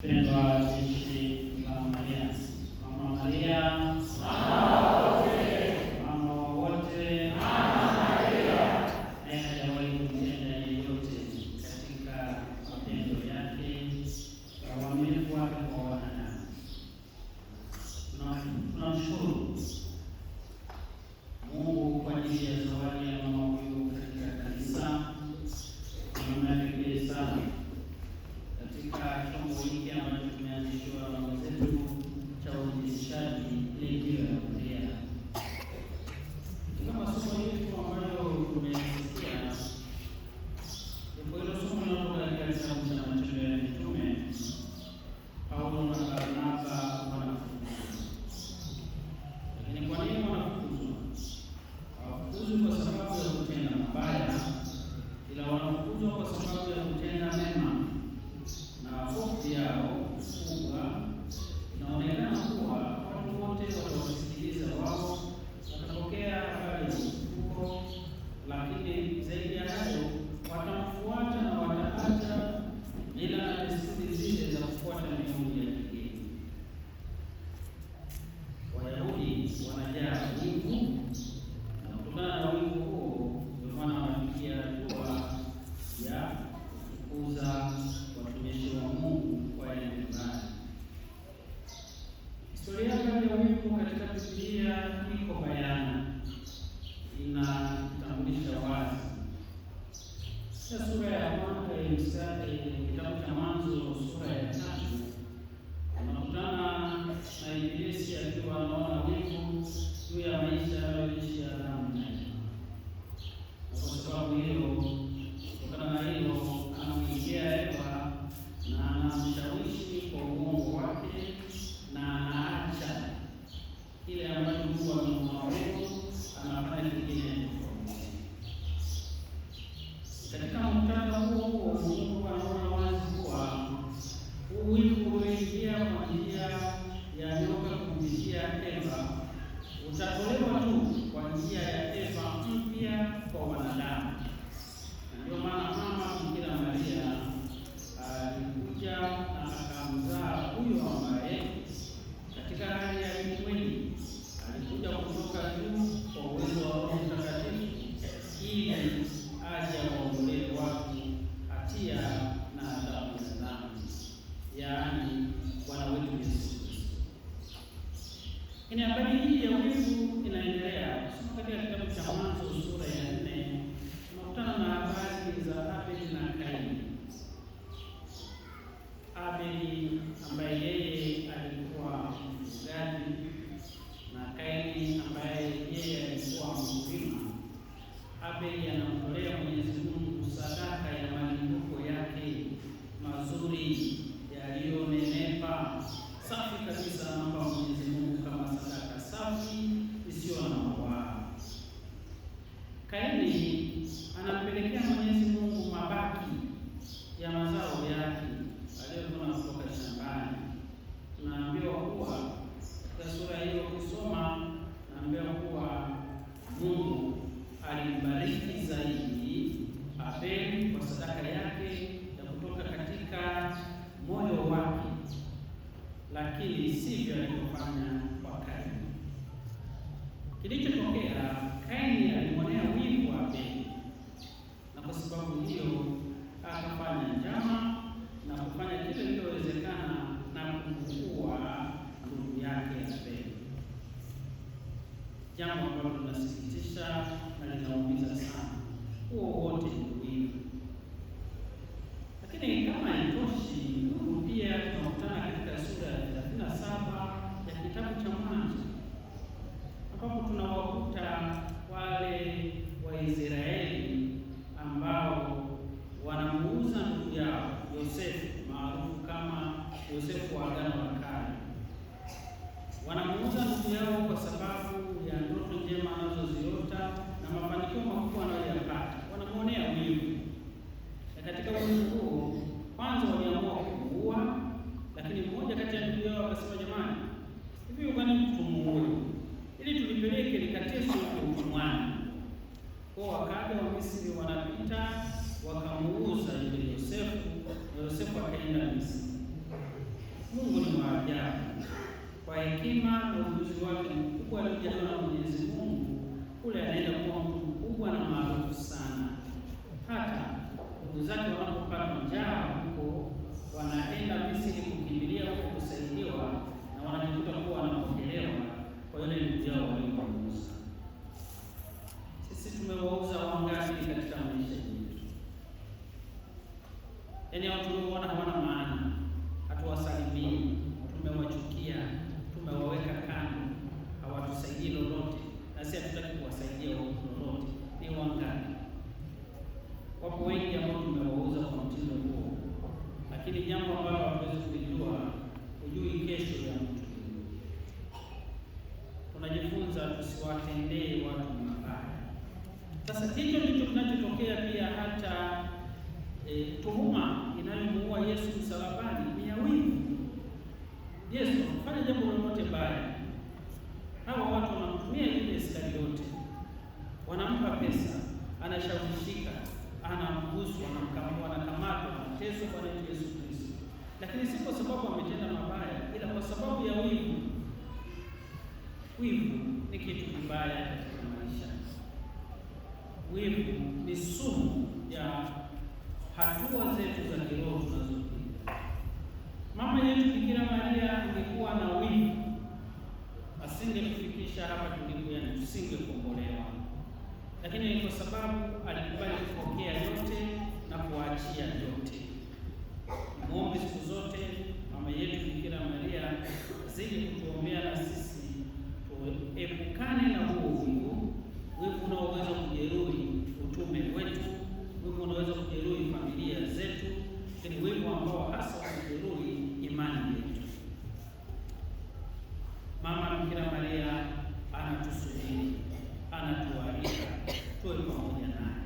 Pero a no María, la María alikuwa anaona wivu juu ya maisha kumzaa huyo ambaye eh, katika hali llamo a hekima na ujuzi wake mkubwa aliyojawa na Mwenyezi Mungu, kule anaenda kuwa mtu mkubwa na maarufu sana. Hata ndugu zake wanapopata njaa huko, wanaenda Misri kukimbilia huko kusaidiwa, na wanajikuta kuwa wanapokelewa kwa yule ndugu yao. jambo ambalo hatuwezi kulijua, hujui kesho ya mtu. Tunajifunza tusiwatendee watu mabaya. Sasa hicho ndicho kinachotokea pia hata e, tuhuma inayomuua Yesu msalabani ni ya wivu. Yesu fanya jambo lolote baya, hawa watu wanamtumia yule Iskariote, wanampa pesa, anashawishika, anamguswa anamkamua, anakamatwa mateso kwa neno Yesu Kristo, lakini si kwa sababu ametenda mabaya, ila kwa sababu ya wivu. Wivu ni kitu kibaya katika maisha. Wivu ni sumu ya hatua zetu za kiroho tunazopiga. Mama yetu Bikira Maria angekuwa na wivu, asingekufikisha hapa tulikuwa, tusingekombolewa, lakini ni kwa sababu alikubali kupokea yote na kuachia yote. Muombe siku zote mama yetu Bikira Maria azidi kutuombea na sisi tuepukane na huo uovu, wivu unaoweza kujeruhi utume wetu, wivu unaweza kujeruhi familia zetu, lakini wivu ambao hasa kujeruhi imani yetu. Mama Bikira Maria anatusubiri, anatualika tuwe pamoja naye,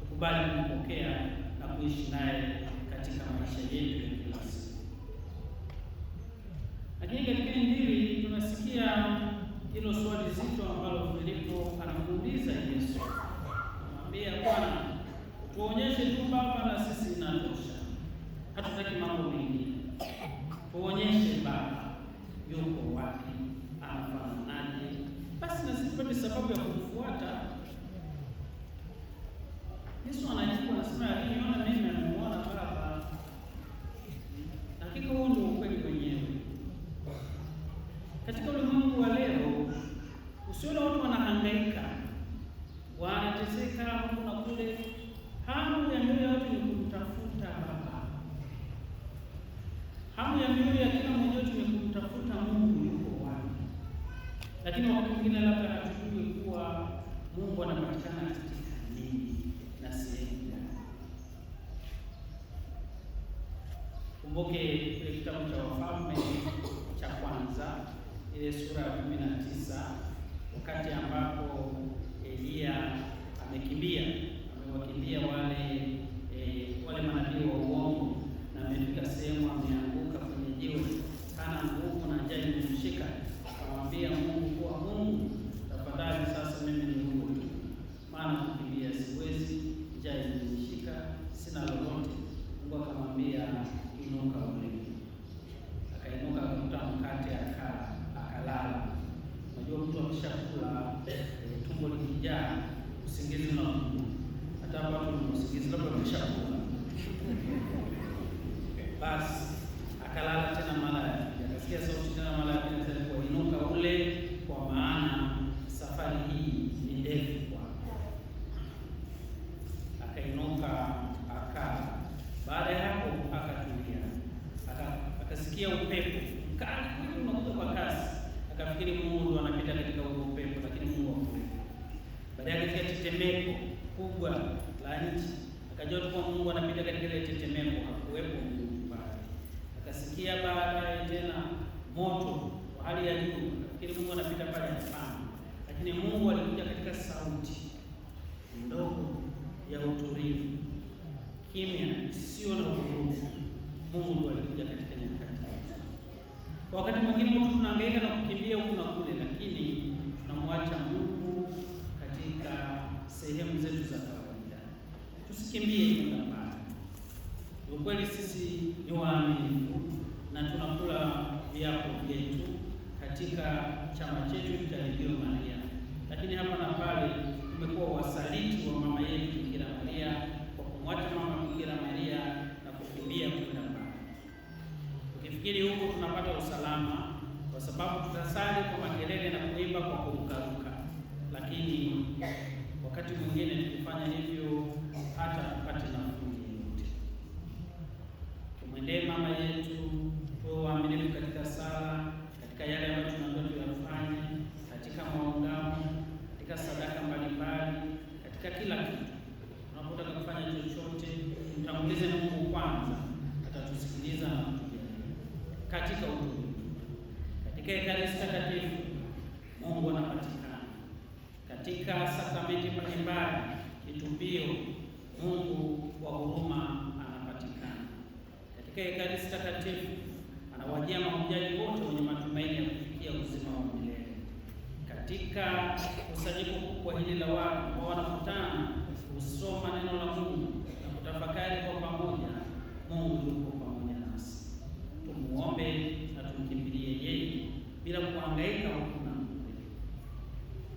tukubali kumpokea na kuishi naye katika maisha yetu ya kila siku. Lakini katika Injili tunasikia hilo swali zito ambalo Filipo anamuuliza Yesu, anamwambia Bwana, tuonyeshe tu Baba na sisi inatosha, hatutaki mambo mengi, tuonyeshe Baba yuko wapi, anafananaje, basi na sisi tupate sababu ya kumfuata Yesu. Anajibu anasema, aliniona mimi watu wanahangaika, wanateseka huku na kule. Hamu ya mioyo yetu ni kumtafuta Baba, hamu ya mioyo ya kila mmoja wetu ni kumtafuta Mungu yuko wapi. Lakini wakati mwingine labda hatujui kuwa Mungu anapatikana katika nini na sehemu gani. Kumbuke kile kitabu cha Wafalme cha kwanza ile sura ya kumi na tisa wakati ambapo Elia amekimbia amewakimbia wale e, wale manabii wa uongo, na amefika sehemu ameanguka kwenye jiwe, hana nguvu na njaa imemshika, akamwambia Mungu kuwa Mungu, tafadhali sasa mimi ni Mungu tu, maana kukimbia siwezi, njaa imenishika, sina lolote. Mungu akamwambia inuka ule Basi akalala tena mara ya pili, akasikia sauti tena mara ya pili, kuinuka ule, kwa maana safari hii ni ndefu kwako. Akainuka akala. Baada ya hapo akatulia, akasikia upepo mkali kweli unakuja kwa kasi, akafikiri Mungu anapita katika huo upepo, lakini Mungu hakuwepo. Baadaye akasikia tetemeko kubwa la nchi akajua tu kwa Mungu anapita katika ile tetemeko, hakuwepo Mungu pale. Akasikia baadaye tena moto wa hali ya juu, nafikiri Mungu anapita pale hapana, lakini Mungu alikuja katika sauti ndogo ya utulivu, kimya, sio na vurugu. Mungu alikuja katika nyakati. Kwa wakati mwingine mtu tunahangaika na kukimbia huku na kule, lakini tunamwacha Mungu katika sehemu zetu za Msikimbie kwenda Kwa Ukweli sisi ni waaminifu na tunakula viapo vyetu katika chama chetu cha Redio Maria, lakini hapa na pale tumekuwa wasaliti wa mama yetu Bikira Maria kwa kumwacha mama Bikira Maria na kukimbia kwenda mbali, tukifikiri huko tunapata usalama, kwa sababu tutasali kwa makelele na kuimba kwa kurukaruka, lakini wakati mwingine tukifanya hivyo hata apate nafuu yeyote. Tumwendee mama yetu, tuwe waaminifu katika sala, katika yale ambayo tunaambiwa tuyafanye, katika maungamo, katika sadaka mbalimbali, katika kila kitu. Tunapotaka kufanya chochote, mtangulize Mungu kwanza, atatusikiliza na kutujali. Katika utu katika Ekaristi Takatifu, Mungu anapatikana katika sakramenti mbalimbali, kitubio Mungu wa huruma anapatikana katika Ekaristi Takatifu. Anawajia mahujaji wote wenye matumaini ya kufikia uzima wa milele. Katika kusanyiko kubwa hili la watu ambao wanakutana kusoma neno la Mungu na kutafakari kwa pamoja, Mungu yuko pamoja nasi. Tumuombe na tumkimbilie yeye bila kuhangaika hakuna na kule.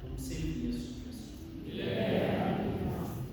Tumsifu Yesu.